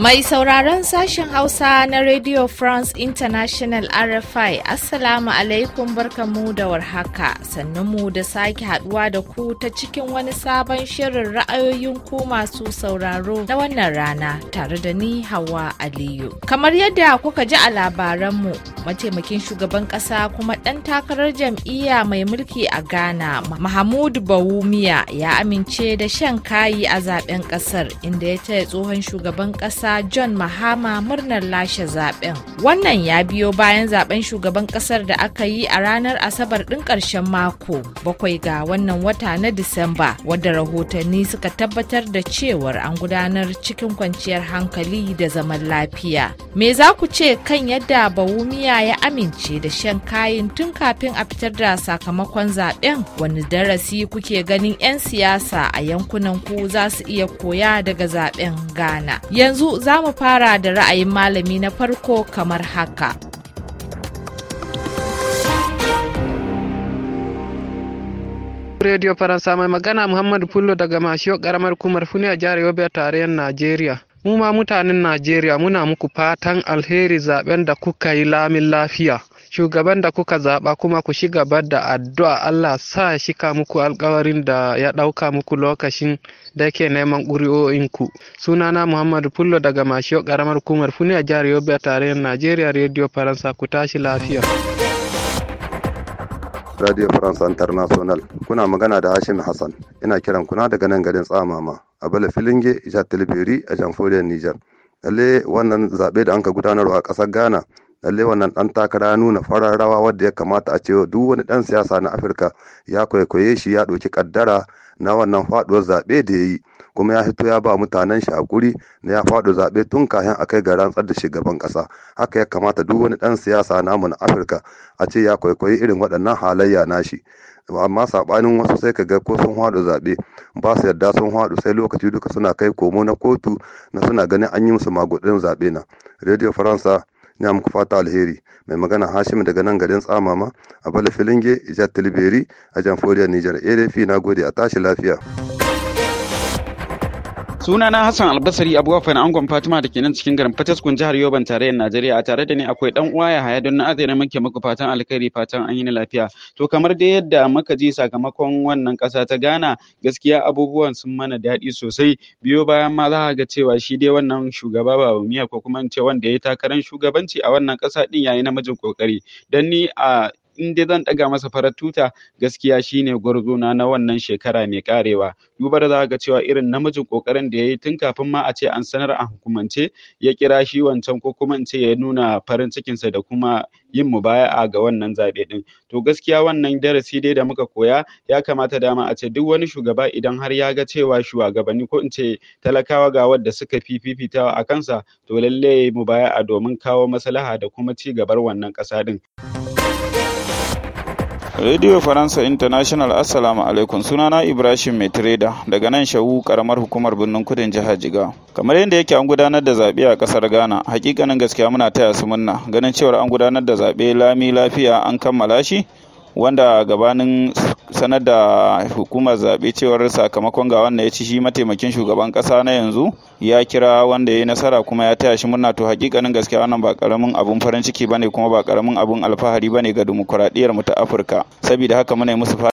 Mai sauraron sashen Hausa na Radio France International RFI, Assalamu alaikum barkamu da warhaka, mu da sake haduwa da ku ta cikin wani sabon shirin ra'ayoyin ku masu sauraro na wannan rana tare da ni Hawa Aliyu. Kamar yadda kuka ji a labaranmu, mataimakin shugaban ƙasa kuma ɗan takarar jam'iyya mai mulki a ghana mahamud bawumia ya amince da shan kayi a zaben ƙasar inda ya taya tsohon shugaban ƙasa john mahama murnar lashe zaben wannan ya biyo bayan zaben shugaban ƙasar da aka yi a ranar asabar ɗin ƙarshen mako bakwai ga wannan wata na disamba wadda rahotanni suka tabbatar da cewar an gudanar cikin kwanciyar hankali da zaman lafiya me za ku ce kan yadda bawumia ya amince da shan kayan tun kafin a fitar da sakamakon zaben wani darasi kuke ganin 'yan siyasa a yankunan ku za su iya koya daga zaben ghana yanzu za mu fara da ra'ayin malami na farko kamar haka Radio Faransa mai magana muhammadu pullo daga Mashiyo karamar kumar Funi a jihar Yobe a tarayyar Najeriya. Mu ma mutanen Najeriya muna muku fatan alheri zaɓen da kuka yi lamin lafiya. Shugaban da kuka zaɓa kuma ku shiga gaba da addu'a Allah sa ya shika muku alkawarin da ya ɗauka muku lokacin da yake neman ƙuri'o'inku. Sunana Muhammadu Fullo daga Mashiyo ƙaramar kumar Funi a jihar Yobe a tarayyar Najeriya Radio Faransa ku tashi lafiya. Radio France International. Kuna magana da Hashim Hassan. Ina kiran kuna daga nan garin Tsamama, a Bala Filinge, Jihar Tilbiri a Jamhuriyar niger Lalle wannan zaɓe da anka gudanarwa a ƙasar Ghana, lalle wannan ɗan takara nuna farar rawa wadda ya kamata a cewa duk wani ɗan siyasa na Afirka ya kwaikwaye shi ya ɗauki ƙaddara na wannan faɗuwar zaɓe da ya yi. kuma ya fito ya ba mutanen shi hakuri na ya faɗo zaɓe tun kayan a kai ga rantsar da shugaban ƙasa haka ya kamata duk wani ɗan siyasa namu na afirka a ce ya kwaikwayi irin waɗannan halayya nashi amma saɓanin wasu sai ka ga ko sun haɗu zaɓe ba su yarda sun haɗu sai lokaci duka suna kai komo na kotu na suna ganin an yi musu magudin zaɓe na radio faransa ya muku fata alheri mai magana hashim daga nan garin tsamama a bala filinge ijar tilberi a jamforiyar nijar erefi eh, na gode a tashi lafiya. Suna na Hassan Albasari Abuwa Fana Angon Fatima da ke nan cikin garin kun jihar Yoban tarayyar Najeriya a tare da ni akwai dan uwa ya haya don na azai muke muku fatan alkhairi fatan an yi ni lafiya. To kamar dai yadda muka ji sakamakon wannan kasa ta Ghana gaskiya abubuwan sun mana daɗi sosai biyo bayan ma za ga cewa shi dai wannan shugaba ba miya ko kuma in ce wanda ya takarar shugabanci a wannan kasa din yayi namijin kokari. Dan ni a in dai zan ɗaga masa farar tuta gaskiya shine gwarzona na wannan shekara mai karewa duba da za ga cewa irin namijin kokarin da ya yi tun kafin ma a ce an sanar a hukumance ya kira shi wancan ko kuma in ce ya nuna farin cikinsa da kuma yin mubaya'a ga wannan zaɓe ɗin to gaskiya wannan darasi dai da muka koya ya kamata dama a ce duk wani shugaba idan har ya ga cewa shugabanni ko in ce talakawa ga wadda suka fi fifitawa a kansa to lallai yi mubaya'a domin kawo maslaha da kuma ci gabar wannan ƙasa ɗin. Radio Faransa International Assalamu alaikum sunana Ibrahim Metreda daga nan Shahu karamar hukumar birnin kudin jihar Jiga. Kamar yadda yake an gudanar da zaɓe a ƙasar Ghana, hakikanin gaskiya muna taya su munna. ganin cewar an gudanar da zaɓe lami lafiya an kammala shi wanda gabanin sanar da hukumar zaɓe cewar sakamakon ga wannan ya ci shi mataimakin shugaban ƙasa na yanzu ya kira wanda ya yi nasara kuma ya taya shi murna to hakikanin gaskiya wannan ba karamin abun farin ciki bane kuma ba karamin abun alfahari bane ga dimokuraɗiyyar mu ta Afirka saboda haka muna musu